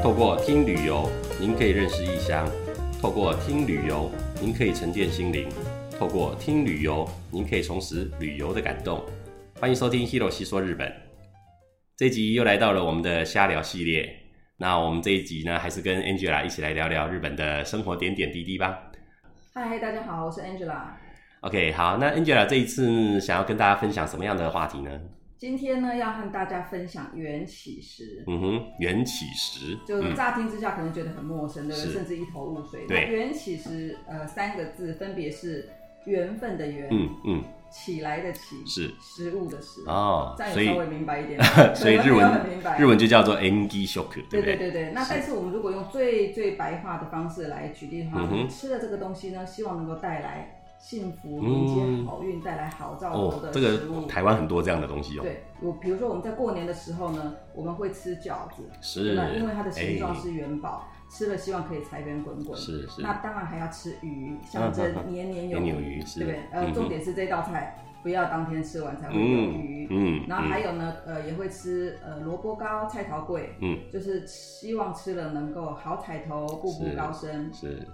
透過聽旅遊，您可以認識異鄉；透過聽旅遊，您可以沉澱心靈；透過聽旅遊，您可以重拾旅遊的感動。歡迎收聽《Hiro 細說日本》，這一集又來到了我們的瞎聊系列。那我們這一集呢，還是跟 Angela 一起來聊聊日本的生活點點滴滴吧。嗨，大家好，我是 Angela。OK，好，那 Angela 這一次想要跟大家分享什麼樣的話題呢？今天呢，要和大家分享“緣起食”。嗯哼，緣起食，就乍聽之下可能覺得很陌生的，甚至一頭霧水。對，緣起食，呃，三個字分別是緣分的緣，嗯嗯，起來的起，是食物的食。哦，這樣也稍微明白一點。所以日文，日文就叫做 ng shoku，對不對？對對對對對，那但是我們如果用最最白話的方式來舉例的話，我們吃的這個東西呢，希望能夠帶來。幸福、迎接好運、帶來好兆頭的食物。哦，這個台灣很多這樣的東西哦。對，我比如說我們在過年的時候呢，我們會吃餃子，是，因為它的形狀是元寶，吃了希望可以財源滾滾。是是。那當然還要吃魚，象徵年年有餘，對不對？呃，重點是這道菜不要當天吃完才會有魚。嗯。然後還有呢，呃，也會吃呃蘿蔔糕、菜頭粿，嗯，就是希望吃了能夠好彩頭、步步高升。是。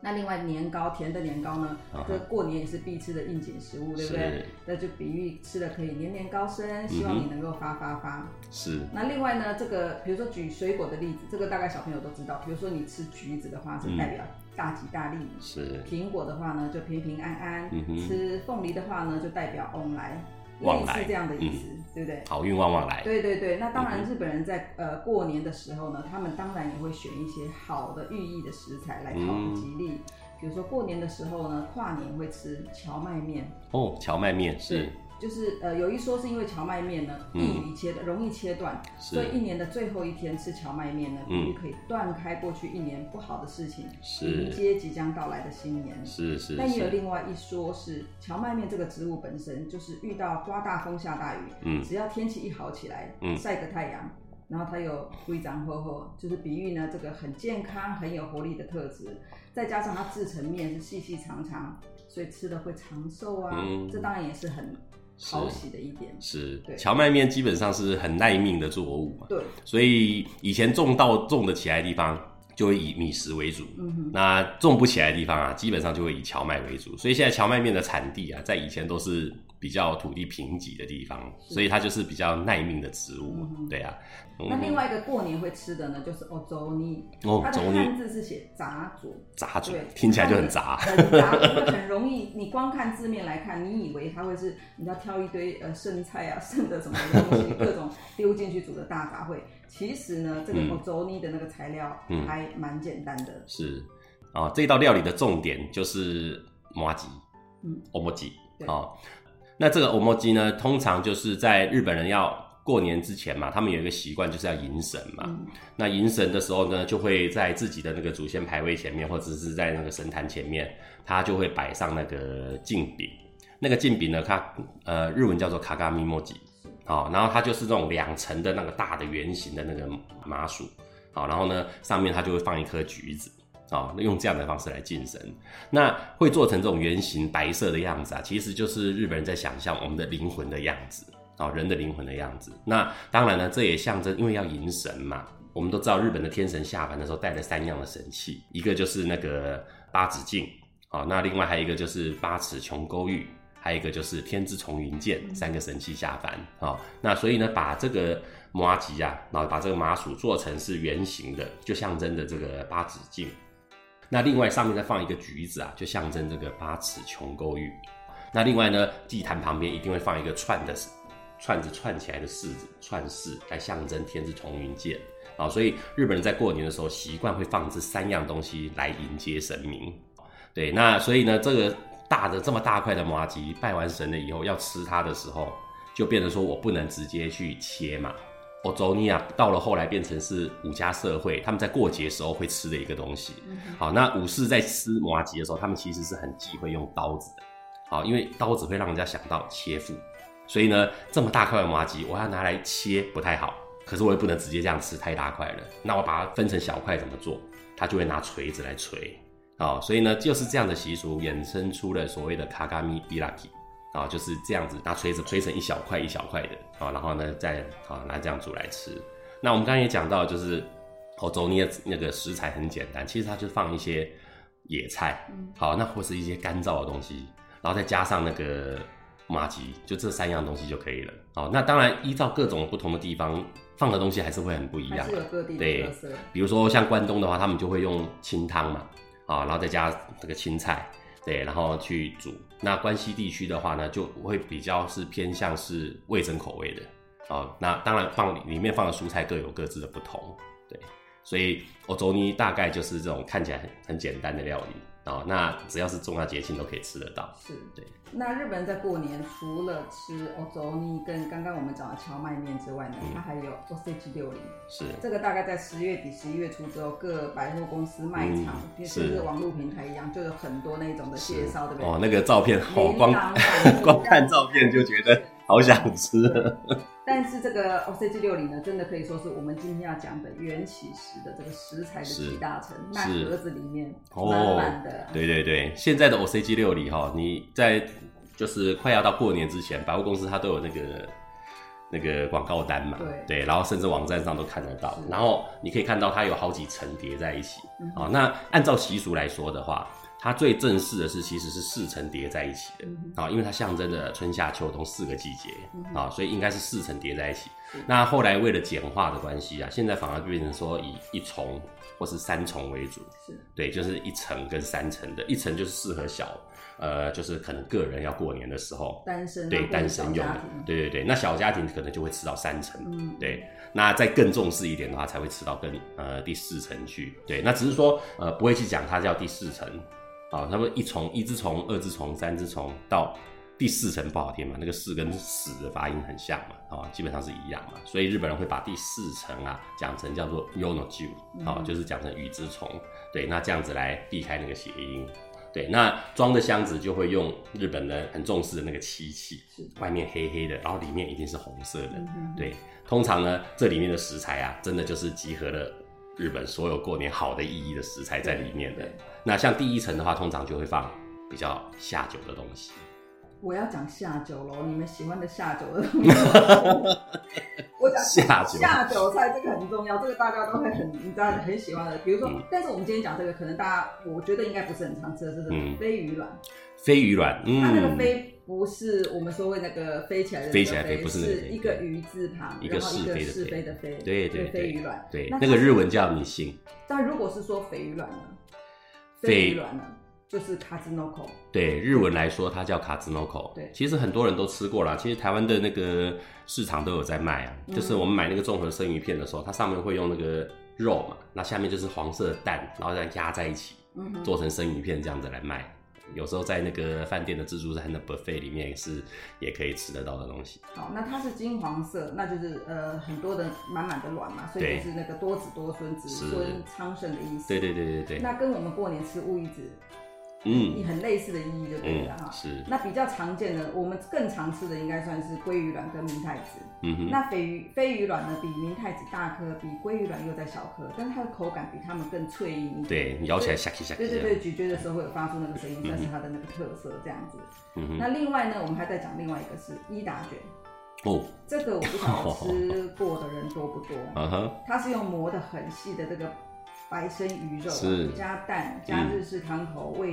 那另外年糕甜的年糕呢，uh huh. 這過年也是必吃的應景食物，對不對？是那就比喻吃了可以年年高升，希望你能夠發發發。嗯、是。那另外呢，這個比如說舉水果的例子，這個大概小朋友都知道，比如說你吃橘子的話，就代表大吉大利；嗯、是。蘋果的話呢，就平平安安；嗯、哼吃鳳梨的話呢，就代表 o 旺來，旺來，類似這樣的意思，嗯、對不對？好運旺旺來。對對對，那當然，日本人在、嗯、哼呃過年的時候呢，他們當然也會選一些好的寓意的食材來討吉利。嗯、比如說過年的時候呢，跨年會吃蕎麥麵。哦，蕎麥麵是。就是呃，有一說是因為蕎麥麵呢，易於切的，容易切斷，是所以一年的最後一天吃蕎麥麵呢，嗯、比喻，可以斷開過去一年不好的事情，是迎接即將到來的新年。是是。是但也有另外一說是是，是蕎麥麵這個植物本身就是遇到颳大風下大雨，嗯、只要天氣一好起來，嗯、曬個太陽，然後它又灰長呵呵，就是比喻呢這個很健康很有活力的特質，再加上它制成面是細細長長，所以吃了會長壽啊，嗯、這當然也是很。好奇是的一點是，蕎對麥麵基本上是很耐命的作物嘛。對，所以以前種稻種得起來的地方，就會以米食為主。嗯、哼那種不起來的地方啊，基本上就會以蕎麥為主。所以現在蕎麥麵的產地啊，在以前都是。比較土地貧瘠的地方，所以它就是比較耐命的植物。對啊，那另外一個過年會吃的呢，就是歐洲尼。哦，它的漢字是寫雜煮，雜煮，聽起來就很雜，很雜，很容易。你光看字面來看，你以為它會是你要挑一堆呃剩菜啊、剩的什麼東西，各種丟進去煮的大雜燴。其實呢，這個歐洲尼的那個材料還蠻簡單的。是啊，這道料理的重點就是麻糬，嗯，摩吉那這個歐莫吉呢，通常就是在日本人要過年之前嘛，他們有一個習慣就是要迎神嘛。嗯、那迎神的時候呢，就會在自己的那個祖先牌位前面，或者是在那個神壇前面，他就會擺上那個鏡餅。那個鏡餅呢，它呃日文叫做卡加米莫吉，好、哦，然後它就是這種兩層的那個大的圓形的那個麻薯，好、哦，然後呢上面它就會放一顆橘子。啊、哦，用這樣的方式來敬神，那會做成這種圓形白色的樣子啊，其實就是日本人在想象我們的靈魂的樣子啊、哦，人的靈魂的樣子。那當然呢，這也象徵，因為要迎神嘛。我們都知道日本的天神下凡的時候帶了三樣的神器，一個就是那個八咫鏡啊，那另外還有一個就是八尺瓊勾玉，還有一個就是天之叢雲劍，三個神器下凡啊、哦。那所以呢，把這個麻吉啊，然後把這個麻薯做成是圓形的，就象徵的這個八咫鏡。那另外上面再放一個橘子啊，就象徵這個八尺瓊勾玉。那另外呢，祭壇旁邊一定會放一個串的，串子串起來的柿子串柿，來象徵天之叢雲劍啊、哦。所以日本人在過年的時候習慣會放這三樣東西來迎接神明。對，那所以呢，這個大的這麼大塊的麻吉拜完神了以後要吃它的時候，就變成說我不能直接去切嘛。歐洲尼亞到了後來變成是武家社會，他們在過節時候會吃的一個東西。好，那武士在吃麻糬的時候，他們其實是很忌諱用刀子的。好，因為刀子會讓人家想到切腹，所以呢，這麼大塊的麻糬，我要拿來切不太好。可是我也不能直接這樣吃太大塊了，那我把它分成小塊怎麼做？他就會拿錘子來錘。好，所以呢，就是這樣的習俗衍生出了所謂的“卡卡米比拉基”。啊，就是這樣子拿錘子捶成一小塊一小塊的啊，然後呢再啊拿這樣煮來吃。那我們剛剛也講到，就是雜煮那那個食材很簡單，其實它就放一些野菜，好，那或是一些乾燥的東西，然後再加上那個麻糬，就這三樣東西就可以了。哦，那當然依照各種不同的地方放的東西還是會很不一樣，是各地的對，比如說像關東的話，他們就會用清湯嘛，啊，然後再加這個青菜，對，然後去煮。那關西地區的話呢，就會比較是偏向是味噌口味的啊、哦。那當然放裡面放的蔬菜各有各自的不同，對。所以，歐走你大概就是這種看起來很很簡單的料理。哦，那只要是重要節慶都可以吃得到。是對。那日本人在過年除了吃御雜煮跟剛剛我們講的蕎麥麵之外呢，嗯、它還有做御節料理。是。這個大概在十月底、十一月初之後，各百貨公司賣場，也、嗯、是，是網絡平台一樣，就有很多那種的介紹，的是。對對哦，那個照片好、哦、光，光，光看照片就覺得好想吃。 但是這個 OCG 六里呢，真的可以說是我們今天要講的緣起食的這個食材的集大成，是那盒子裡面滿滿、哦、的。對對對，現在的 OCG 六里哈，C G、60, 你在就是快要到過年之前，百貨公司它都有那個那個廣告單嘛，對對，然後甚至網站上都看得到。是然後你可以看到它有好幾層疊在一起啊。嗯、哼那按照習俗來說的話。它最正式的是，其實是四層疊在一起的啊，嗯、哼因為它象徵着春夏秋冬四個季節啊、嗯哼哦，所以應該是四層疊在一起。嗯、哼那後來為了簡化的關係啊，現在反而就變成說以一重或是三重為主，是對，就是一層跟三層的，一層就是適合小，呃，就是可能個人要過年的時候單身對單身用的，用的對對對，那小家庭可能就會吃到三層，嗯、對，那再更重視一點的話，才會吃到跟呃第四層去，對，那只是說呃不會去講它叫第四層。啊，他們、哦、一蟲、一只蟲、二只蟲、三只蟲到第四層不好聽嘛？那個四跟死的發音很像嘛，啊、哦，基本上是一樣嘛，所以日本人會把第四層啊講成叫做 yonoju 就是講成與之蟲，對，那這樣子來避開那個諧音，對，那裝的箱子就會用日本人很重視的那個漆器，是外面黑黑的，然後裡面一定是紅色的，嗯、對，通常呢這裡面的食材啊，真的就是集合了日本所有過年好的意義的食材在裡面的。嗯嗯那像第一層的話，通常就會放比較下酒的東西。我要講下酒嘍，你們喜歡的下酒的東西。我講下酒下酒菜這個很重要，這個大家都會很你知道很喜歡的。比如說，但是我們今天講這個，可能大家我覺得應該不是很常吃的，是什麼？飛魚卵，飛魚卵，它那個飛不是我們所謂那個飛起來的飛，是一個魚字旁，一個是飛的飛，對對飛魚卵，對，那個日文叫米信但如果是說飛魚卵呢？對，就是卡茲諾口。對，日文來說它叫卡茲諾口。對，其實很多人都吃過啦。其實台灣的那個市場都有在賣啊。嗯、就是我們買那個綜合生魚片的時候，它上面會用那個肉嘛，那下面就是黃色的蛋，然後再壓在一起，做成生魚片這樣子來賣。有時候在那個飯店的自助餐，的 buffet 裡面是也可以吃得到的東西。好，那它是金黃色，那就是呃很多的滿滿的卵嘛，所以就是那個多子多孫、子孫對昌盛的意思。對，對對對對對。那跟我們過年吃烏魚子，嗯，你很類似的意義就對了哈。是。那比較常見的，我們更常吃的應該算是鮭魚卵跟明太子。嗯哼。那飛魚飛魚卵呢，比明太子大顆，比鮭魚卵又再小顆，但它的口感比它們更脆一點。對，咬起來沙沙沙。對對對，咀嚼的時候會有發出那個聲音，算是它的那個特色這樣子。嗯哼。那另外呢，我們還在講另外一個是伊達卷。哦。這個我不知道吃過的人多不多。啊哈。它是用磨的很細的這個。白身魚肉加蛋加日式湯頭味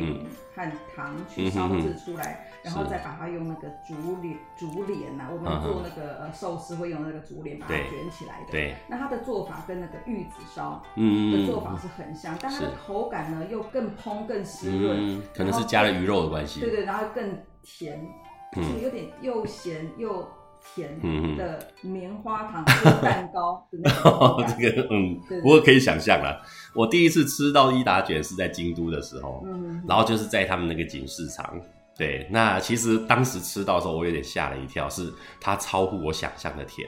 醂和糖去燒製出來，然後再把它用那個竹簾竹簾吶，我們做那個壽司會用那個竹簾把它捲起來的。對，那它的做法跟那個玉子燒嗯的做法是很像，但它的口感呢又更蓬更濕潤，可能是加了魚肉的關係。對對，然後更甜，就是有點又鹹又。甜的棉花糖，嗯、蛋糕。這個嗯，對不過可以想象啦，我第一次吃到伊達卷是在京都的時候，嗯，嗯然後就是在他們那個錦市場。對，那其實當時吃到的時候，我有點嚇了一跳，是它超乎我想象的甜。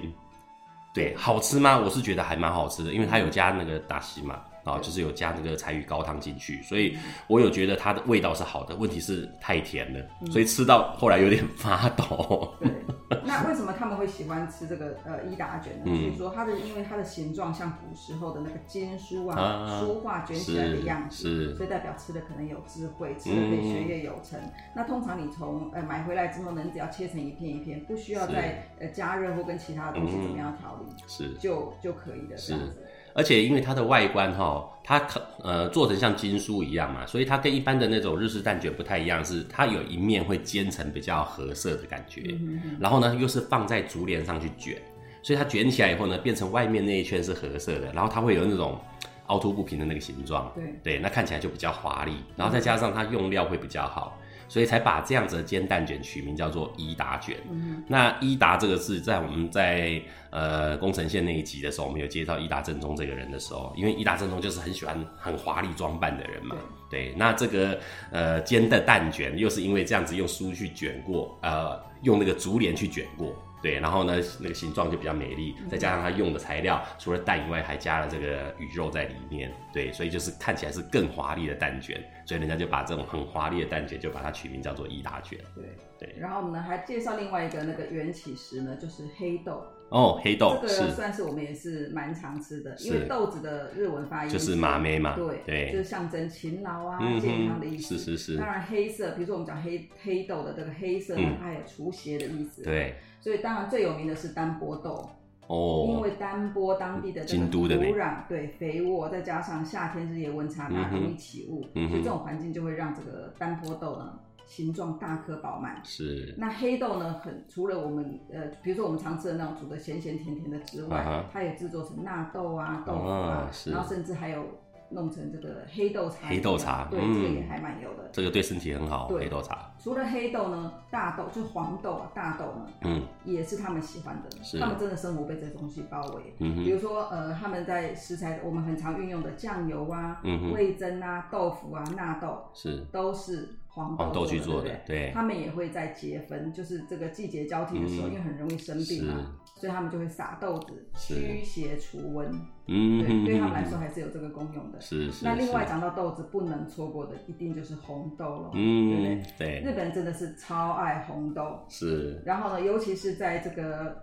對，好吃嗎？我是覺得還蠻好吃的，因為它有加那個大西嘛，然後就是有加那個柴魚高湯進去，所以我有覺得它的味道是好的。問題是太甜了，嗯、所以吃到後來有點發抖。對 那為什麼他們會喜歡吃這個呃伊達卷呢？嗯、就是說它的，因為它的形狀像古時候的那個經書啊，啊書畫卷起來的樣子，所以代表吃的可能有智慧，吃的可以學業有成。嗯、那通常你從呃買回來之後，你只要切成一片一片，不需要再是呃加熱或跟其他的東西怎麼樣調理，嗯、就是就就可以的這樣子，是。而且因為它的外觀哈、哦，它可呃做成像經書一樣嘛，所以它跟一般的那種日式蛋卷不太一樣，是它有一面會煎成比較褐色的感覺，然後呢又是放在竹簾上去卷，所以它卷起來以後呢，變成外面那一圈是褐色的，然後它會有那種凹凸不平的那個形狀，對，對，那看起來就比較華麗，然後再加上它用料會比較好。所以才把這樣子的煎蛋捲取名叫做伊達卷。嗯、那伊達這個字，在我們在呃宮城縣那一集的時候，我們有介紹伊達正宗這個人的時候，因為伊達正宗就是很喜歡很華麗裝扮的人嘛。對，對，那這個呃煎的蛋捲，又是因為這樣子用書去捲過，呃，用那個竹簾去捲過。對，然後呢，那個形狀就比較美麗，再加上它用的材料 Okay. 除了蛋以外，還加了這個魚肉在裡面。對，所以就是看起來是更華麗的蛋卷，所以人家就把這種很華麗的蛋卷就把它取名叫做伊達卷。對對，對然後我們呢還介紹另外一個那個緣起食呢，就是黑豆。哦，黑豆這個算是我們也是蠻常吃的，因為豆子的日文發音就是馬梅嘛，對對，就是象徵勤勞啊健康的意思，是是是。當然黑色，比如說我們講黑黑豆的這個黑色呢，它還有除邪的意思，對。所以當然最有名的是丹波豆哦，因為丹波當地的這個土壤，對，肥沃，再加上夏天日夜溫差大，容易起霧，所以這種環境就會讓這個丹波豆呢。形狀大顆飽滿。是。那黑豆呢？很除了我們呃，比如說我們常吃的那種煮的鹹鹹甜甜的之外，它也製作成納豆啊、豆腐啊，然後甚至還有弄成這個黑豆茶。黑豆茶，對，這個也還蠻有的。這個對身體很好，黑豆茶。除了黑豆呢，大豆就黃豆啊，大豆呢，嗯，也是他們喜歡的。是。他們真的生活被這東西包圍。嗯哼。比如說呃，他們在食材我們很常運用的醬油啊、味噌啊、豆腐啊、納豆是，都是。黃豆去做的，對，他們也會在節分，就是這個季節交替的時候，因為很容易生病嘛，所以他們就會撒豆子驅邪除瘟。嗯，對他們來說還是有這個功用的。是。那另外講到豆子，不能錯過的一定就是紅豆了，嗯，對不對？對。日本人真的是超愛紅豆。是。然後呢，尤其是在這個。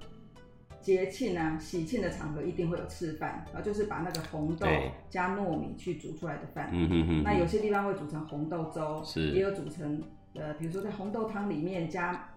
節慶啊，喜慶的場合一定會有吃飯，然、啊、後就是把那個紅豆加糯米去煮出來的飯、欸。嗯哼嗯嗯，那有些地方會煮成紅豆粥，是也有煮成呃，比如說在紅豆湯裡面加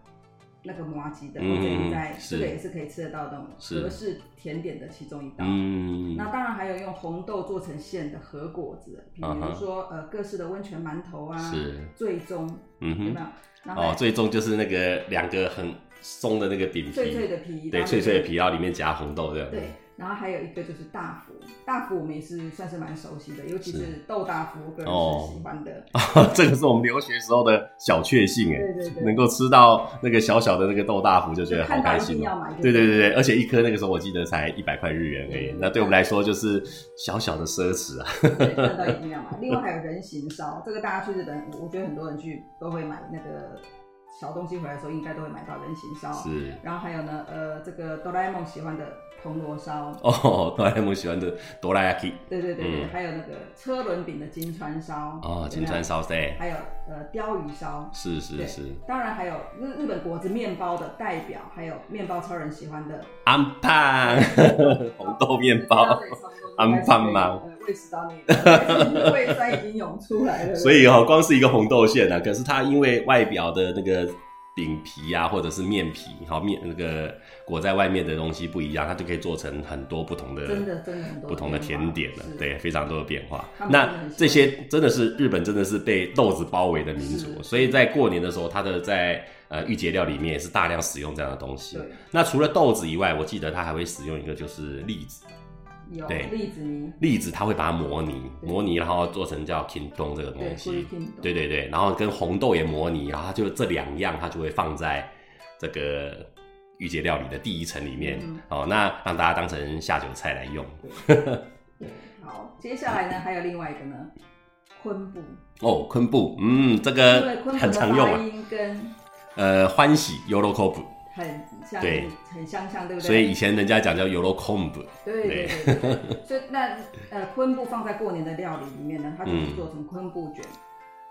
那個麻糬的，或者你在，是這個也是可以吃得到的，和式甜點的其中一道。嗯嗯，那當然還有用紅豆做成餡的和果子，譬如比如說、uh huh、呃各式的溫泉饅頭啊，是。最終終，有沒有？哦，最終就是那個兩個很。鬆的那個頂皮，脆脆的皮，皮對，脆脆的皮，然後裡面夾紅豆這樣。對，對，然後還有一個就是大福，大福我們也是算是蠻熟悉的，尤其是豆大福，是個人很喜歡的。哦對啊、這個是我們留學時候的小確幸哎，對對，對，對能夠吃到那個小小的那個豆大福就覺得好開心。一定要買對，對對對對，而且一顆那個時候我記得才一百塊日元而已。對對對，那對我們來說就是小小的奢侈啊。對對對，看到一定要買 另外還有人形燒，這個大家去日本，我覺得很多人去都會買那個。小東西回來的時候，應該都會買到人形燒，是然後還有呢，呃，這個哆啦 A 夢喜歡的。銅鑼燒哦，哆啦 A 夢喜歡的哆啦 A K，對對對，還有那個車輪餅的金川燒哦，金川燒對，還有呃鯛魚燒，是是是，當然還有日日本果子麵包的代表，還有麵包超人喜歡的安潘紅豆麵包，安潘嗎？胃食道，胃酸已經湧出來了，所以哦，光是一個紅豆餡的，可是它因為外表的那個。餅皮啊，或者是麵皮，好面，那個裹在外面的東西不一樣，它就可以做成很多不同的、的、的、的不同的甜點了，是對，非常多的變化。那這些真的是日本真的是被豆子包圍的民族，是所以在過年的時候，它的在呃御節料裡面也是大量使用這樣的東西。對那除了豆子以外，我記得它還會使用一個就是栗子。有對，栗子泥，栗子它會把它磨泥，磨泥對，然後做成叫金團這個東西。對，對對，對然後跟紅豆也磨泥，然後它就這兩樣，它就會放在這個御節料理的第一層裡面。嗯、哦，那讓大家當成下酒菜來用對對。好，接下來呢，還有另外一個呢，昆布。哦，昆布，嗯，這個很常用啊。跟呃，歡喜尤羅昆布。Ok、很。像對，很相像，像，對不對？所以以前人家講叫油肉控布。對，對對對， 所以那呃，昆布放在過年的料理裡面呢，它就是做成昆布卷。嗯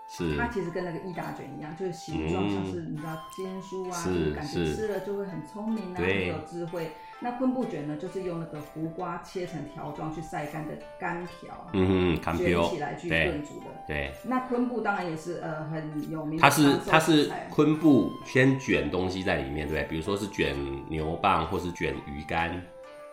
是它其實跟那個伊達卷一樣，就是形狀、嗯、像是你知道煎書啊，是感覺吃了就會很聰明啊，很是有，有智慧。對那昆布卷呢，就是用那個胡瓜切成條狀去曬乾的乾條，嗯哼，捲起來去燉煮的。嗯、對，那昆布當然也是呃很有名。對它是它是昆布先捲東西在裡面，對不對，比如說是捲牛蒡或是捲魚乾，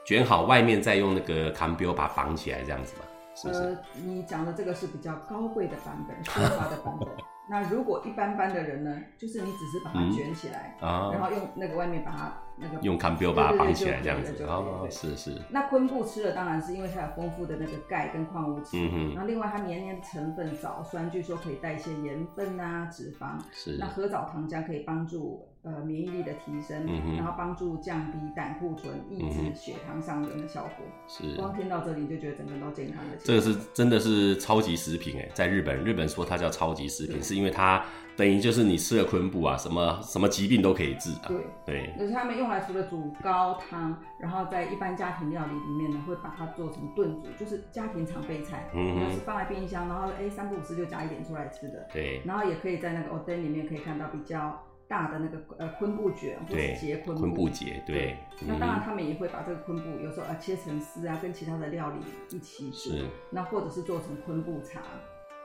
捲好外面再用那個康彪把它綁起來，這樣子嘛。是是，呃，你講的這個是比較高貴的版本，奢華的版本。 那如果一般般的人呢，就是你只是把它捲起來，嗯啊、然後用那個外面把它那個用昆布把它綁起來這樣子，是是。那昆布吃了當然是因為它有豐富的那個鈣跟礦物質，嗯哼。然後另外它黏黏的成分藻酸，據說可以代謝鹽分啊、脂肪。是，是。那褐藻糖漿可以幫助，呃，免疫力的提升，嗯、哼然後幫助降低膽固醇、抑制、嗯、哼血糖上升的效果。是，光聽到這裡你就覺得整個人都健康了。這個是真的是超級食品哎在日本，日本說它叫超級食品，對是因為它等於就是你吃了昆布啊，什麼什麼疾病都可以治啊。對對。就是對他們用來除了煮高湯，然後在一般家庭料理裡面呢，會把它做成燉煮，就是家庭常備菜。嗯哼。就是放在冰箱，然後哎三不五時就夾一點出來吃的。對。然後也可以在那個 Oden 裡面可以看到比較。大的那個呃昆布卷，或是結昆布，昆布結對，嗯、那當然他們也會把這個昆布有時候啊切成絲啊，跟其他的料理一起煮，是那或者是做成昆布茶，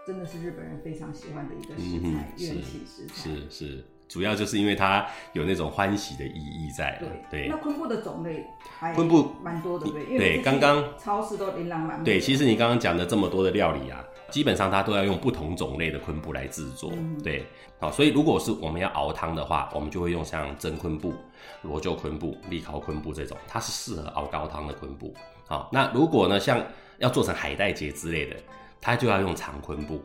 真的是日本人非常喜歡的一個食材，緣起、嗯、食材是是。是是是主要就是因為它有那種歡喜的意義在。對，對那昆布的種類還昆布蠻多的對，對剛剛超市都琳琅滿目。對，其實你剛剛講的這麼多的料理啊，基本上它都要用不同種類的昆布來制作。嗯、對，好，所以如果是我們要熬湯的話，我們就會用像真昆布、羅臼昆布、利尻昆布這種，它是適合熬高湯的昆布。好，那如果呢，像要做成海帶結之類的，它就要用長昆布。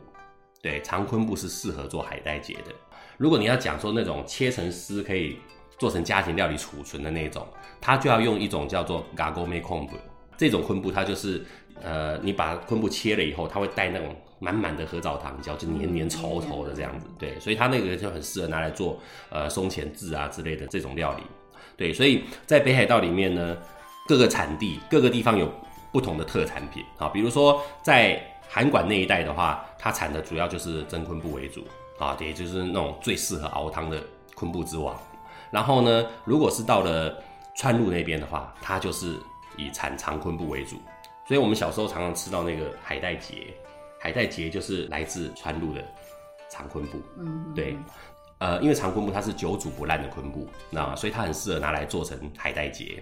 對，長昆布是適合做海帶結的。如果你要講說那種切成絲可以做成家庭料理儲存的那種，它就要用一種叫做 Gagome Konbu 這種昆布，它就是呃，你把昆布切了以後，它會帶那種滿滿的褐藻糖膠，就黏黏稠稠的這樣子。對，所以它那個就很適合拿來做呃松前漬啊之類的這種料理。對，所以在北海道裡面呢，各個產地各個地方有不同的特產品。好，比如說在函館那一帶的話，它產的主要就是真昆布為主。啊，也就是那種最適合熬湯的昆布之王。然後呢，如果是到了釧路那邊的話，它就是以產長昆布為主。所以，我們小時候常常吃到那個海帶結，海帶結就是來自釧路的長昆布。嗯，嗯，嗯，對，呃，因為長昆布它是久煮不爛的昆布，那所以它很適合拿來做成海帶結。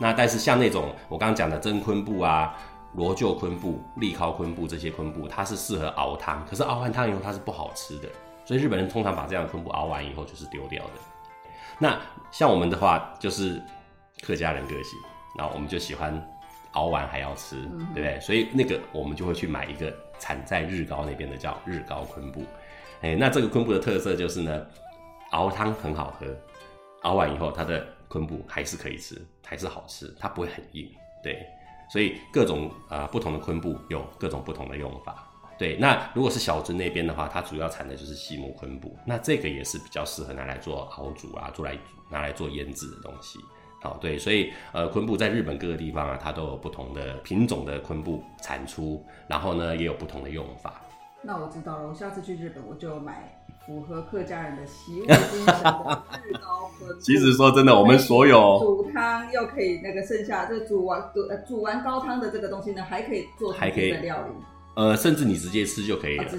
那但是像那種我剛剛講的真昆布啊、羅臼昆布、利尻昆布這些昆布，它是適合熬湯，可是熬完湯以後它是不好吃的。所以日本人通常把這樣的昆布熬完以後就是丟掉的。那像我們的話就是客家人個性，那我們就喜歡熬完還要吃，嗯、哼對不對？所以那個我們就會去買一個產在日高那邊的叫日高昆布。哎，那這個昆布的特色就是呢，熬湯很好喝，熬完以後它的昆布還是可以吃，還是好吃，它不會很硬，對。所以各種啊、呃、不同的昆布有各種不同的用法。對，那如果是小樽那邊的話，它主要產的就是細木昆布，那這個也是比較適合拿來做熬煮啊，做來拿來做醃製的東西。好，對，所以呃，昆布在日本各個地方啊，它都有不同的品種的昆布產出，然後呢，也有不同的用法。那我知道了，我下次去日本我就買符合客家人的習俗精神的日高 其實說真的，我們所有煮湯又可以那個剩下，就煮完煮完高湯的這個東西呢，還可以做其他的料理。呃，甚至你直接吃就可以了，啊、直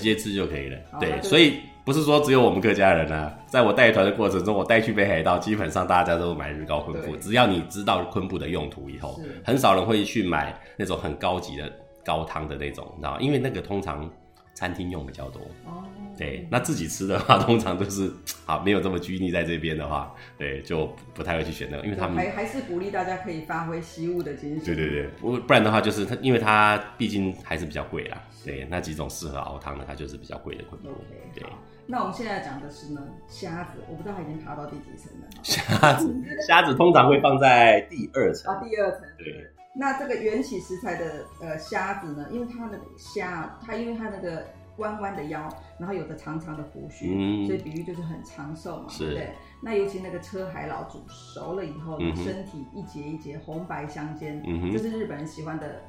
接吃就可以了。對，就所以不是說只有我們客家人呢、啊，在我帶團的過程中，我帶去北海道，基本上大家都買日高昆布，對只要你知道昆布的用途以後，是很少人會去買那種很高級的高湯的那種，你知道嗎，因為那個通常。餐廳用比較多哦，嗯、對，那自己吃的話，通常都、就是啊，沒有這麼拘泥在這邊的話，對，就不，不太會去選那個，因為他們還還是鼓勵大家可以發揮惜物的精神，對對對，不不然的話就是它，因為它畢竟還是比較貴啦，對，是那幾種適合熬湯的，它就是比較貴的昆布，okay, 對。那我們現在講的是呢，蝦子，我不知道它已經爬到第幾層了。蝦子，蝦 子通常會放在第二層。啊，第二層。對。對那這個緣起食材的呃蝦子呢，因為它的蝦，它因為它那個彎彎的腰，然後有着長長的鬍鬚，mm hmm. 所以比喻，就是很長壽嘛，是對不對？那尤其那個車海老煮熟了以後，mm hmm. 身體一節一節紅白相間，mm hmm. 這是日本人喜歡的。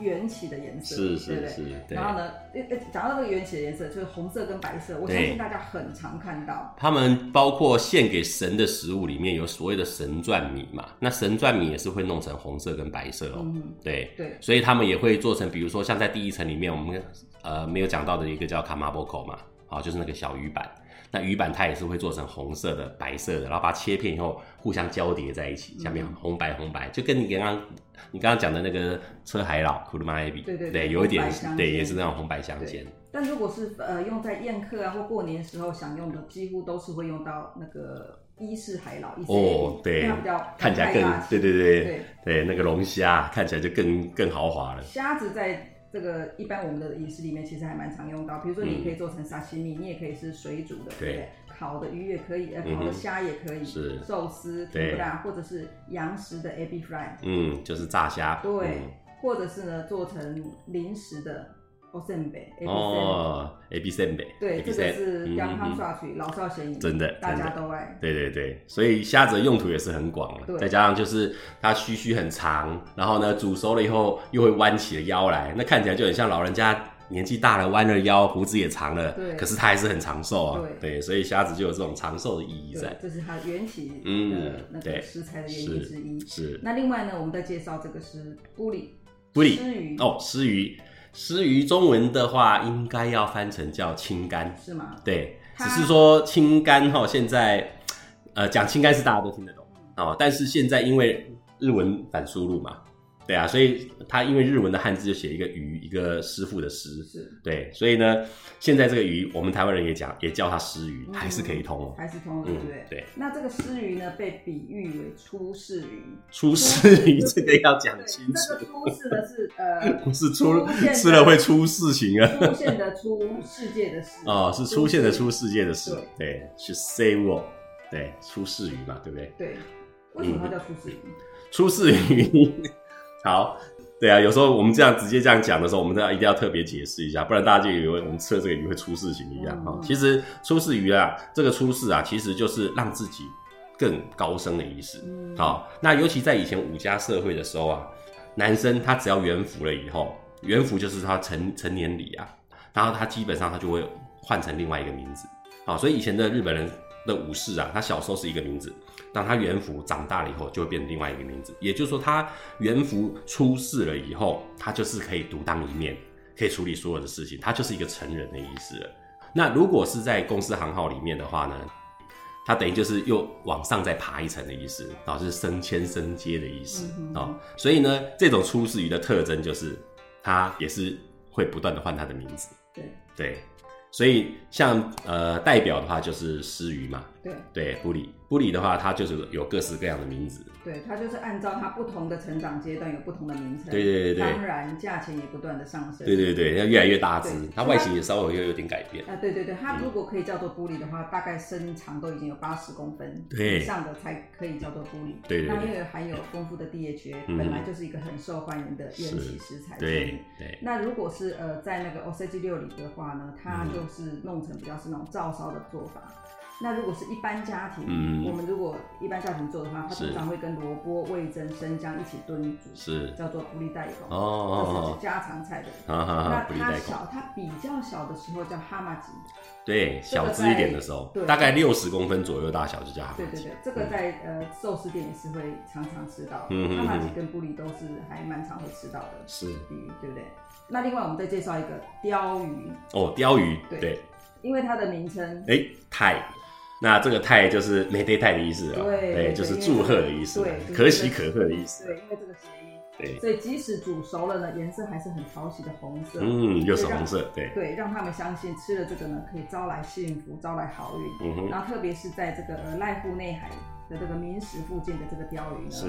緣起的顏色是是是，是是對。然後呢，講對到那個緣起的顏色，就是紅色跟白色，對我相信大家很常看到。他們包括獻給神的食物裡面有所謂的神饌米嘛，那神饌米也是會弄成紅色跟白色哦、喔。嗯，對對，對所以他們也會做成，比如說像在第一層裡面我們呃沒有講到的一個叫卡瑪波口嘛，啊、喔，就是那個小魚板。那魚板它也是會做成紅色的、白色的，然後把它切片以後互相交疊在一起，下面紅白紅白，就跟你剛剛你剛剛講的那個車海老、庫魯馬艾比，對對對，對有一點對，也是那種紅白相間。但如果是呃用在宴客啊或過年的時候享用的，幾乎都是會用到那個伊勢海老。一些哦，對，比較看起來更對對對、嗯、對對，那個龍蝦看起來就更更豪華了。蝦子在。這個一般我們的飲食裡面其實還蠻常用到，比如說你可以做成沙西米，你也可以是水煮的，對，烤的魚也可以，呃，嗯、哼烤的蝦也可以，是，壽司，對，或者是洋食的 Ebi Fry，嗯，就是炸蝦，對，嗯、或者是呢做成零食的。哦，聖貝。哦，A B C 貝。對，這個是兩方抓取，老少咸宜。真的，大家都愛。對對對，所以蝦子的用途也是很廣了。對。再加上就是它鬚鬚很長，然後呢，煮熟了以後又會彎起了腰來，那看起來就很像老人家年紀大了彎了腰，鬍子也長了。對。可是它還是很長壽啊。對。對，所以蝦子就有這種長壽的意義在。這是它緣起嗯，對食材的原因之一。是。那另外呢，我們再介紹這個是布里。布里。鰤魚。哦，鰤魚。失於中文的話，應該要翻成叫清「清肝」，是嗎？對，他只是說「清肝」哈，現在呃講「講清肝」是大家都聽得懂哦，但是現在因為日文反輸入嘛。對啊，所以他因為日文的漢字就寫一個“魚”，一個師傅的“師”。是對，所以呢，現在這個“魚”，我們台灣人也講，也叫他“師魚”，還是可以通，還是通的，對不對？對。那這個“師魚”呢，被比喻為“出世魚”。出世魚，這個要講清楚。這個“出世”的是，呃，不是出吃了會出事情啊，出現的出世界的事啊，是出現的出世界的事，對，是 save 對，“出世魚”嘛，對不對？對。為什麼它叫“出世魚”？出世魚。好，對啊，有時候我們這樣直接這樣講的時候，我們都要一定要特別解釋一下，不然大家就以為我們吃了這個魚會出事情一樣啊。嗯、其實出世魚啊，這個出世啊，其實就是讓自己更高升的意思。好，那尤其在以前武家社會的時候啊，男生他只要元服了以後，元服就是他成成年禮啊，然後他基本上他就會換成另外一個名字。好，所以以前的日本人，的武士啊，他小時候是一個名字，當他元服長大了以後，就會變成另外一個名字。也就是說，他元服出世了以後，他就是可以獨當一面，可以處理所有的事情，他就是一個成人的意思了。那如果是在公司行號裡面的話呢，他等於就是又往上再爬一層的意思，導致升遷升階的意思啊、嗯嗯哦。所以呢，這種出世魚的特徵就是，他也是會不斷的換他的名字。對對。對。所以像，像呃代表的話，就是鰤魚嘛。對，布裡。布裡的話，它就是有各式各樣的名字。對，它就是按照它不同的成長階段有不同的名稱。對對對當然，價錢也不斷的上升。對對對，它越來越大只，它外形也稍微有點改變。啊，對對對，它如果可以叫做布裡的話，大概身長都已經有八十公分以上的才可以叫做布裡。對對。那因為含有豐富的 DHA，本來就是一個很受歡迎的緣起食材。對對。那如果是呃在那個御節料理的話呢，它就是弄成比較是那種照燒的做法。那如果是一般家庭，嗯，我們如果一般家庭做的話，它通常會跟蘿蔔、味噌、生薑一起燉煮，是叫做布利帶口，哦哦哦，這家常菜的。啊哈哈，布利帶口。它比較小的時候叫哈麻吉，對，小只一點的時候，對，大概六十公分左右大小就叫哈麻吉。對對對，這個在呃壽司店也是會常常吃到，哈麻吉跟布利都是還蠻常會吃到的。是魚，對不對？那另外我們再介紹一個鯛魚。哦，鯛魚，對，因為它的名稱，哎，泰。那這個“太”就是“美對太”的意思啊、喔對，對，就是祝賀的意思對，對，對對可喜可賀的意思對。對，因為這個諧音，對，對所以即使煮熟了呢，顏色還是很討喜的紅色。對嗯，又、就是紅色，對，對，讓他們相信吃了這個呢，可以招來幸福，招來好運。嗯哼，然後特別是在這個瀨戶內海的這個明石附近的這個鯛魚，呢，是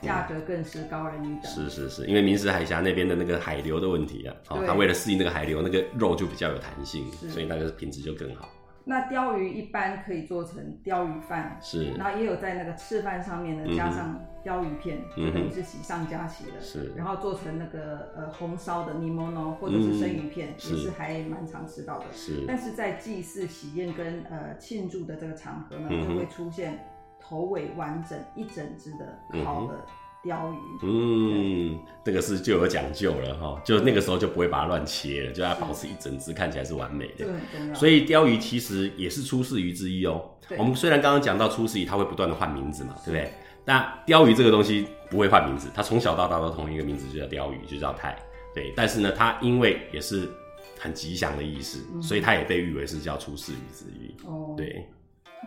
價、嗯、格更是高人一等。是是是，因為明石海峽那邊的那個海流的問題啊，哦對、喔，它為了適應那個海流，那個肉就比較有彈性，是所以那個品質就更好。那鯛魚一般可以做成鯛魚飯，是，然後，也有在那個赤飯上面呢、嗯、哼加上鯛魚片，就等於、嗯、哼是喜上加喜的。是，然後做成那個呃紅燒的煮物或者是生魚片，嗯、哼也是還蠻常吃到的。是，但是在祭祀、喜宴跟呃慶祝的這個場合呢，嗯、哼就會出現頭尾完整一整隻的烤的。嗯鯛魚，嗯，對這個是就有講究了哈，就那個時候就不會把它亂切了，就要保持一整隻是看起來是完美的，對，真的啊、所以鯛魚其實也是出世魚之一哦。對我們雖然剛剛講到出世魚，它會不斷的換名字嘛，是對不對？那鯛魚這個東西不會換名字，它從小到大都同一個名字，就叫鯛魚，就叫太。對，但是呢，它因為也是很吉祥的意思，所以它也被譽為是叫出世魚之一。嗯、對哦，對。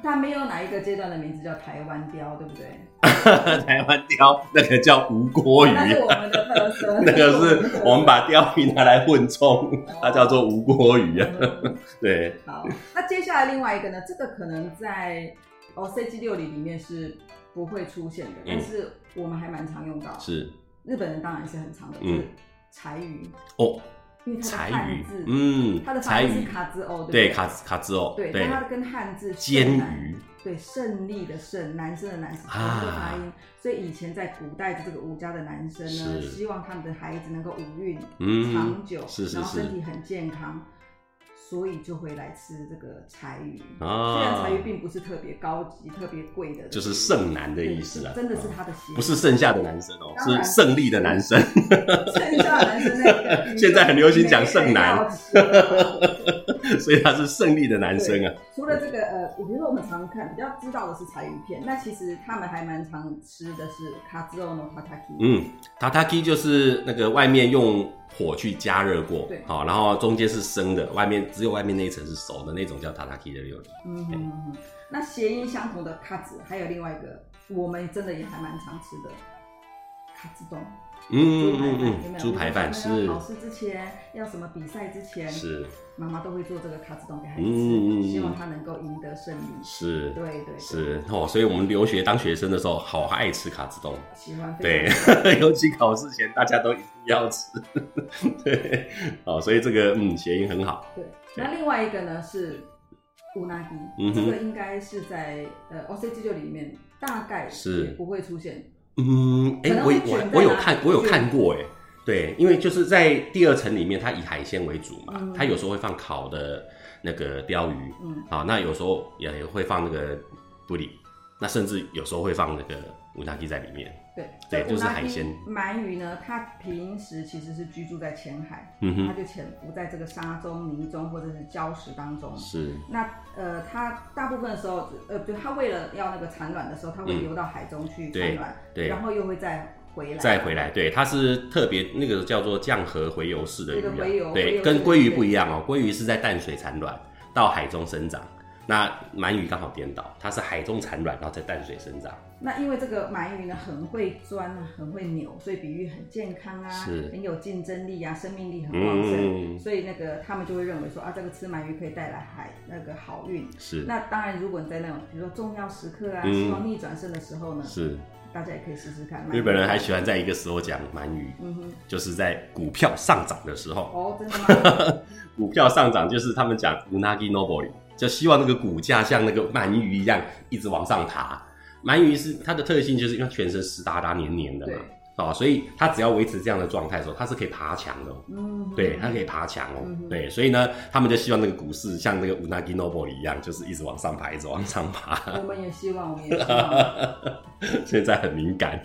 它沒有哪一個階段的名字叫台灣鯛，對不對？ 台灣鯛那個叫吳郭魚、啊，哦、那是我們的特色， 那個是我們把鯛魚拿來混充，哦、它叫做吳郭魚啊。 對。好，那接下來另外一個呢？這個可能在哦 C G 六里裡面是不會出現的，嗯、但是我們還蠻常用到的。是，日本人當然是很常的。嗯，就是柴魚哦。因為它的漢字，嗯，它的發音是卡茲歐，魚對，卡對卡，卡茲歐，對，那它對跟漢字勝男，魚對，勝利的勝，男生的男生，它、啊、的發音，所以以前在古代的這個武家的男生呢，是希望他們的孩子能夠武運，嗯，長久，嗯、是，是，是，然後身體很健康。所以就會來吃這個柴魚啊，雖然柴魚並不是特別高級、啊、特別貴的，就是勝男的意思了、啊。嗯、真的是他的，不是剩下的男生哦，嗯、是勝利的男生。剩下的男生那一個一，現在很流行講剩男。 所以他是勝利的男生啊！除了這個呃，比如說我們常看，比較知道的是柴魚片，那其實他們還蠻常吃的是卡汁肉的塔塔基。嗯，塔塔基就是那個外面用火去加熱過，好對，然後中間是生的，外面只有外面那一層是熟的，那種叫塔塔基的料理。嗯，那諧音相同的卡汁還有另外一個，我們真的也還蠻常吃的卡汁洞嗯，豬排飯，是考試之前，要什麼比賽之前，是媽媽都會做這個卡子東給孩子吃，希望他能夠贏得勝利。是，對對，是哦，所以我們留學當學生的時候，好愛吃卡子東，喜歡對，尤其考試前大家都一定要吃，對，哦，所以這個嗯諧音很好。對，那另外一個呢是烏拉蒂，這個應該是在呃 O C G 就裡面大概是不會出現。嗯，誒、啊，欸，我我我有看，我有看過，誒，對，因為就是在第二層裡面，它以海鮮為主嘛，它有時候會放烤的那個鯛魚，嗯，好，那有時候也會放那個布里，那甚至有時候會放那個鰻魚，在裡面。對對，就是海鮮。鰻魚呢，它平時其實是居住在淺海，嗯哼，它就潛伏在這個沙中、泥中或者是礁石當中。是。那呃，它大部分的時候，呃，對，它為了要那個產卵的時候，它會游到海中去產卵，嗯，對，對，然後又會再回來，再回來。對，它是特別那個叫做降河回游式的魚啊，嗯，這個回游，對，回游，跟鮭魚不一樣哦、喔，鮭魚是在淡水產卵，到海中生長。那鰻魚剛好顛倒，它是海中產卵，然後在淡水生長。那因為這個鰻魚呢，很會鑽啊，很會扭，所以比喻，很健康啊，是很有競爭力啊，生命力很旺盛，嗯、所以那個他們就會認為說啊，這個吃鰻魚可以帶來海那個好運。是。那當然，如果你在那種比如說重要時刻啊，希望、嗯、逆轉勝的時候呢，是，大家也可以試試看。日本人還喜歡在一個時候講鰻魚，嗯哼，就是在股票上漲的時候。哦，真的嗎？ 股票上漲就是他們講 Unagi nobori，就希望那個股價像那個鰻魚一樣一直往上爬。鰻魚是它的特性，就是因為全身濕噠噠，黏黏的嘛，啊對、哦，所以它只要維持這樣的狀態的時候，它是可以爬牆的，哦。嗯哼，對，它可以爬牆哦。嗯、哼對，所以呢，他們就希望那個股市像那個 Unagi Noble 一樣，就是一直往上爬，一直往上爬。我們也希望，我們也希望。 現在很敏感。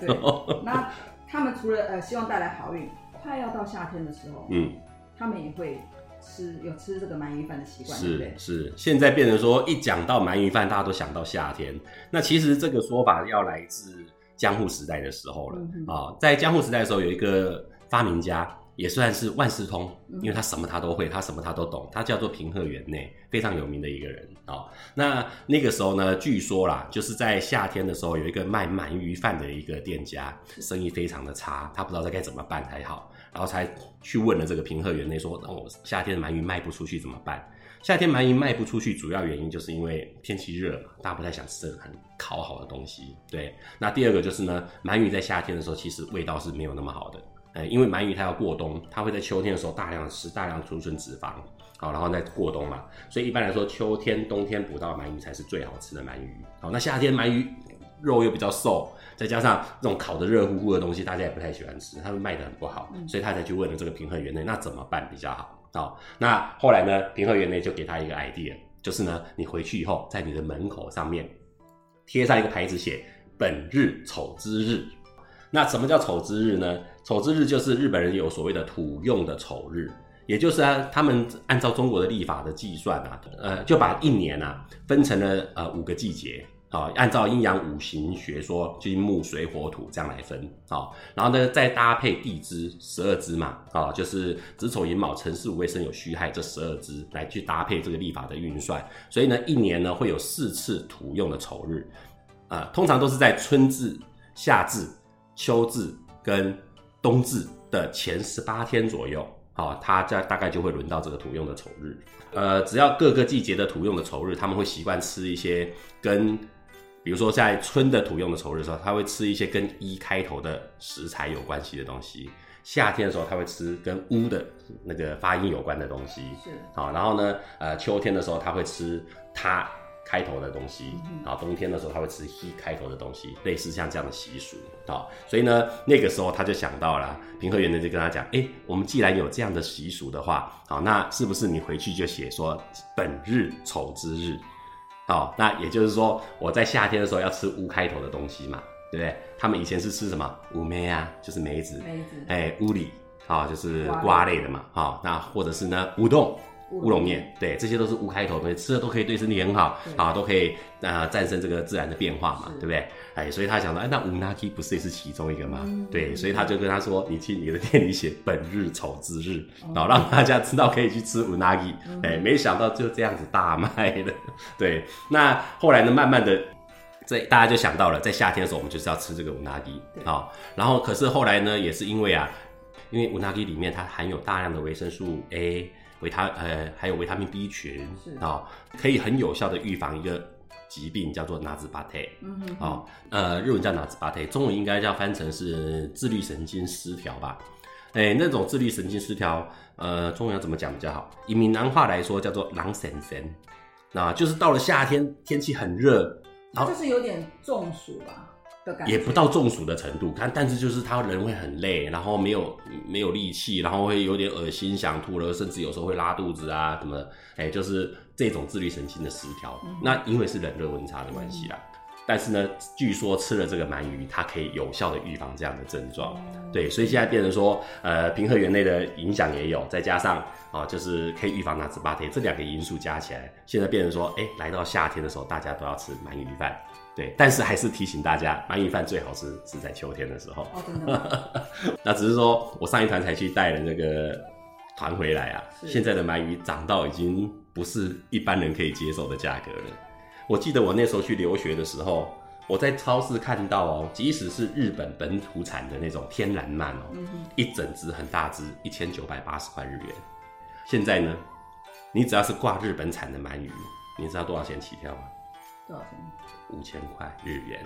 那他們除了呃希望帶來好運，快要到夏天的時候，嗯，他們也會。吃有吃這個鰻魚飯的習慣，是是，現在變成說，一講到鰻魚飯，大家都想到夏天。那其實這個說法要來自江戶時代的時候了啊、嗯哼哦。在江戶時代的時候，有一個發明家，嗯、也算是萬事通，因為他什麼他都會，他什麼他都懂，他叫做平賀源內，非常有名的一個人哦，那那個時候呢，據說啦，就是在夏天的時候，有一個賣鰻魚飯的一個店家，生意非常的差，他不知道該該怎麼辦才好。然後才去問了這個平賀源內說，那、哦、我夏天的鰻魚賣不出去怎麼辦？夏天鰻魚賣不出去，主要原因就是因為天氣熱嘛，大家不太想吃這個很烤好的東西。對，那第二個就是呢，鰻魚在夏天的時候其實味道是沒有那麼好的，呃、因為鰻魚它要過冬，它會在秋天的時候大量吃、大量儲存脂肪，好，然後再過冬嘛。所以一般來說，秋天、冬天捕到的鰻魚才是最好吃的鰻魚。好，那夏天鰻魚肉又比較瘦。再加上這種烤的熱乎乎的東西，大家也不太喜歡吃，他們賣的很不好，嗯、所以他才去問了這個平賀源內，那怎麼辦比較好？好、哦，那後來呢，平賀源內就給他一個 idea，就是呢，你回去以後，在你的門口上面貼上一個牌子寫，寫本日丑之日。那什麼叫丑之日呢？丑之日就是日本人有所謂的土用的丑日，也就是、啊、他們按照中國的曆法的計算啊，呃，就把一年呢、啊、分成了呃五個季節。啊、哦，按照陰陽五行學說，金、就是、木水火土這樣來分啊、哦，然後呢，再搭配地支十二支嘛啊、哦，就是子丑寅卯辰巳午未申酉戌亥這十二支來去搭配這個曆法的運算，所以呢，一年呢會有四次土用的丑日啊、呃，通常都是在春至、夏至、秋至跟冬至的前十八天左右啊、哦，它在大概就會輪到這個土用的丑日。呃，只要各個季節的土用的丑日，他們會習慣吃一些跟。比如說，在春的土用的丑日的時候，他會吃一些跟一、e、開頭的食材有關係的東西。夏天的時候，他會吃跟烏的那個發音有關的東西。是的好，然後呢，呃，秋天的時候他會吃他開頭的東西。啊、嗯，然後冬天的時候他會吃 h、e、開頭的東西，類似像這樣的習俗。好，所以呢，那個時候他就想到了平賀源內呢，就跟他講，哎、嗯、欸，我們既然有這樣的習俗的話，好，那是不是你回去就寫說本日丑之日？好、哦，那也就是說，我在夏天的時候要吃“烏”開頭的東西嘛，對不對？他們以前是吃什麼烏梅啊，就是梅子，梅子。哎、欸，烏里啊、哦，就是瓜類的嘛，啊、哦，那或者是呢，烏冬。烏龍麵，Okay. 對，這些都是烏開頭的吃的都可以對身體很好，Okay. 啊，都可以啊、呃、戰勝這個自然的變化嘛，是對不對？哎、欸，所以他想到，哎、欸，那烏拿基不是也是其中一個嗎？Mm hmm. 對，所以他就跟他說，你去你的店裡寫本日丑之日，oh. 然後讓大家知道可以去吃烏拿基，哎，沒想到就這樣子大賣了，Okay. 對。那後來呢，慢慢的，這大家就想到了，在夏天的時候，我們就是要吃這個烏拿基，好、喔，然後可是後來呢，也是因為啊，因為烏拿基裡面它含有大量的維生素 A。維他呃，還有維他命 B 群啊，是可以很有效的預防一個疾病，叫做納茲巴特。Ate, 嗯嗯哼，哦，呃，日文叫納茲巴特，ate, 中文應該叫翻成是自律神經失調吧？誒，那種自律神經失調，呃，中文要怎麼講比較好？以閩南話來說，叫做“狼神神”，那就是到了夏天，天氣很熱，就是有點中暑吧。也不到中暑的程度，但但是就是他人會很累，然後沒有沒有力氣，然後會有點噁心想吐了，甚至有時候會拉肚子啊什麼的，哎、欸、就是這種自律神經的失調。嗯、哼那因為是冷熱溫差的關係啦，嗯、哼但是呢，據說吃了這個鰻魚，它可以有效的預防這樣的症狀。嗯、哼對，所以現在變成說，呃，平賀源內的影響也有，再加上啊、呃，就是可以預防拿茲巴特這兩個因素加起來，現在變成說，哎、欸，來到夏天的時候，大家都要吃鰻魚飯。對，但是還是提醒大家，鰻魚飯最好是是在秋天的時候。哦，對 那只是說我上一團才去帶了那個團回來啊。是現在的鰻魚漲到已經不是一般人可以接受的價格了。我記得我那時候去留學的時候，我在超市看到哦，即使是日本本土產的那種天然鰻哦，嗯、哼一整隻很大隻一千九百八十塊日元。現在呢，你只要是掛日本產的鰻魚，你知道多少錢起跳嗎？多少錢？五千塊日元，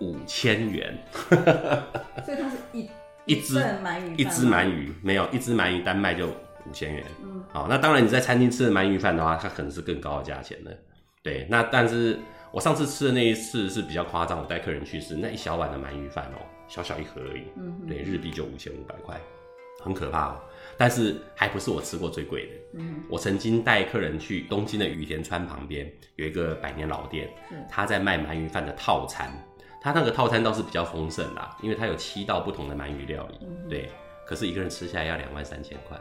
五千元， 所以它是一一只鰻魚，一只鰻魚沒有，一只鰻魚單賣就五千元。嗯，好，哦，那當然你在餐廳吃的鰻魚飯的話，它可能是更高的價錢的。對，那但是我上次吃的那一次是比較誇張，我帶客人去吃那一小碗的鰻魚飯哦，小小一盒而已，嗯哼，對，日幣就五千五百塊，很可怕哦。但是還不是我吃過最貴的。嗯，我曾經帶客人去東京的羽田川旁邊有一個百年老店，他在賣鰻魚飯的套餐。他那個套餐倒是比較豐盛啦，因為他有七道不同的鰻魚料理。對，可是一個人吃下來要兩萬三千塊。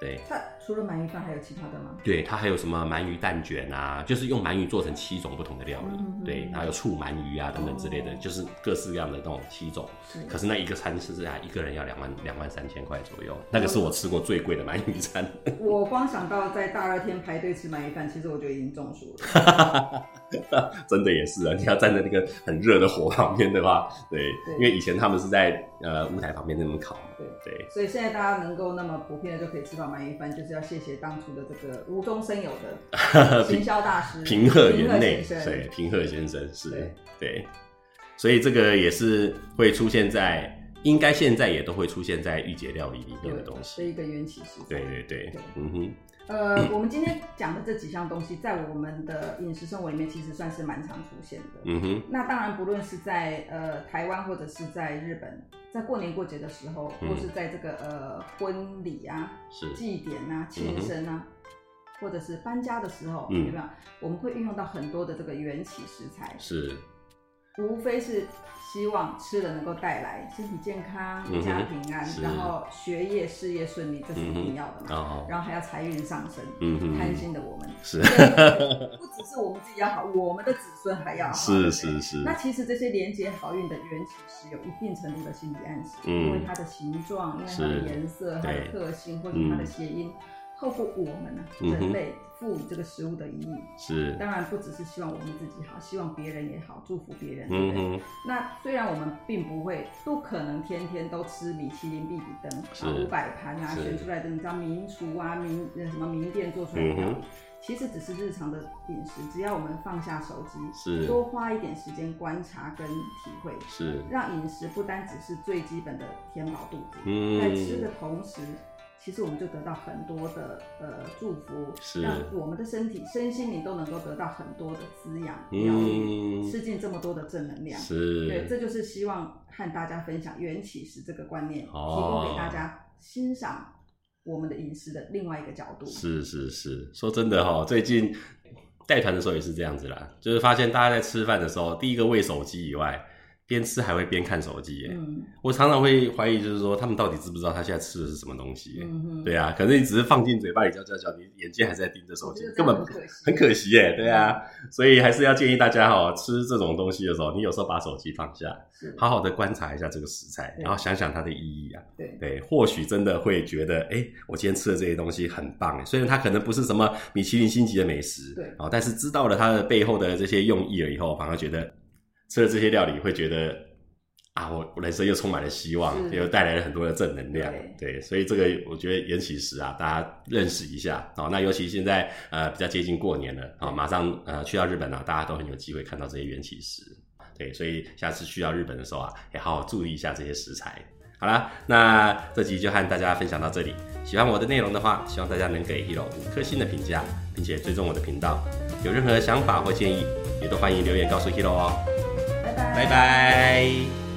對。除了鰻魚飯還有其他的嗎？對，它還有什麼鰻魚蛋卷啊？就是用鰻魚做成七種不同的料理。嗯、哼對，還有醋鰻魚啊等等之類的，嗯、就是各式各樣的那種七種。對可是那一個餐吃下來，一個人要兩萬兩萬三千塊左右，那個是我吃過最貴的鰻魚餐。我光想到在大熱天排隊吃鰻魚飯，其實我就已經中暑了。 真的也是啊，你要站在那個很熱的火旁邊的話，對，對因為以前他們是在呃舞台旁邊那麼烤。對對，對對所以現在大家能夠那麼普遍的就可以吃到鰻魚飯，就是要。謝謝當初的這個無中生有的行銷大師 平賀源內，對，平賀先生，對平賀先生是對，對，所以這個也是會出現在，應該現在也都會出現在御節料理裡面的東西，是一個緣起食，對對對，對嗯哼。呃，我們今天講的這幾項東西，在我們的飲食生活裡面，其實算是蠻常出現的。嗯哼。那當然，不論是在呃台灣或者是在日本，在過年過節的時候，嗯、或是在這個呃婚禮啊、是祭典啊、慶生啊，嗯、哼或者是搬家的時候，嗯、有沒有？我們會運用到很多的這個緣起食材。是。無非是希望吃的能夠帶來身體健康，家平安，然後學業事業順利，這是一定要的嘛。然後還要財運上升。嗯貪心的我們是，不只是我們自己要好，我們的子孫還要好。是是是。那其實這些連接好運的緣起食有一定程度的心理暗示，因為它的形狀，因為它的顏色、它的特性或者它的諧音，透過我們人類。賦予這個食物的意義是，當然不只是希望我們自己好，希望別人也好，祝福別人，對不對？嗯、哼那雖然我們並不會，不可能天天都吃米其林、必比登啊，五百是盤啊，是選出來的你知道名廚啊、名什麼名店做出來的料理，嗯、哼其實只是日常的飲食。只要我們放下手機，是多花一點時間觀察跟體會，是讓飲食不單只是最基本的填飽肚子，在、嗯、吃的同時。其實我們就得到很多的呃祝福，是讓我們的身體、身心靈都能夠得到很多的滋養。要、嗯、吃進這麼多的正能量，是。對，這就是希望和大家分享緣起食這個觀念，哦、提供給大家欣賞我們的飲食的另外一個角度。是是是，說真的哈、哦，最近帶團的時候也是這樣子啦，就是發現大家在吃飯的時候，第一個餵手機以外。邊吃還會邊看手機誒、嗯、我常常會懷疑，就是說他們到底知不知道他現在吃的是什麼東西？嗯哼，對啊。可是你只是放進嘴巴裡嚼嚼嚼，你眼睛還在盯着手機，可惜根本不很可惜耶，對啊。嗯、所以還是要建議大家、哦，好，吃這種東西的時候，你有時候把手機放下，的好好的觀察一下這個食材，對然後想想它的意義啊。對對，或許真的會覺得，哎，我今天吃的這些東西很棒，雖然它可能不是什麼米其林星級的美食，對，但是知道了它的背後的這些用意了以後，反而覺得。吃了這些料理，會覺得啊，我我人生又充滿了希望，又是帶來了很多的正能量。對，對，所以這個我覺得緣起食啊，大家認識一下啊、哦。那尤其現在呃比較接近過年了啊、哦，馬上呃去到日本了、啊，大家都很有機會看到這些緣起食。對，所以下次去到日本的時候啊，也好好注意一下這些食材。好啦，那這集就和大家分享到這裡。喜歡我的內容的話，希望大家能給 Hiro 五顆星的評價，並且追蹤我的頻道。有任何想法或建議，也都歡迎留言告訴 Hiro 哦。拜拜。拜拜。拜拜。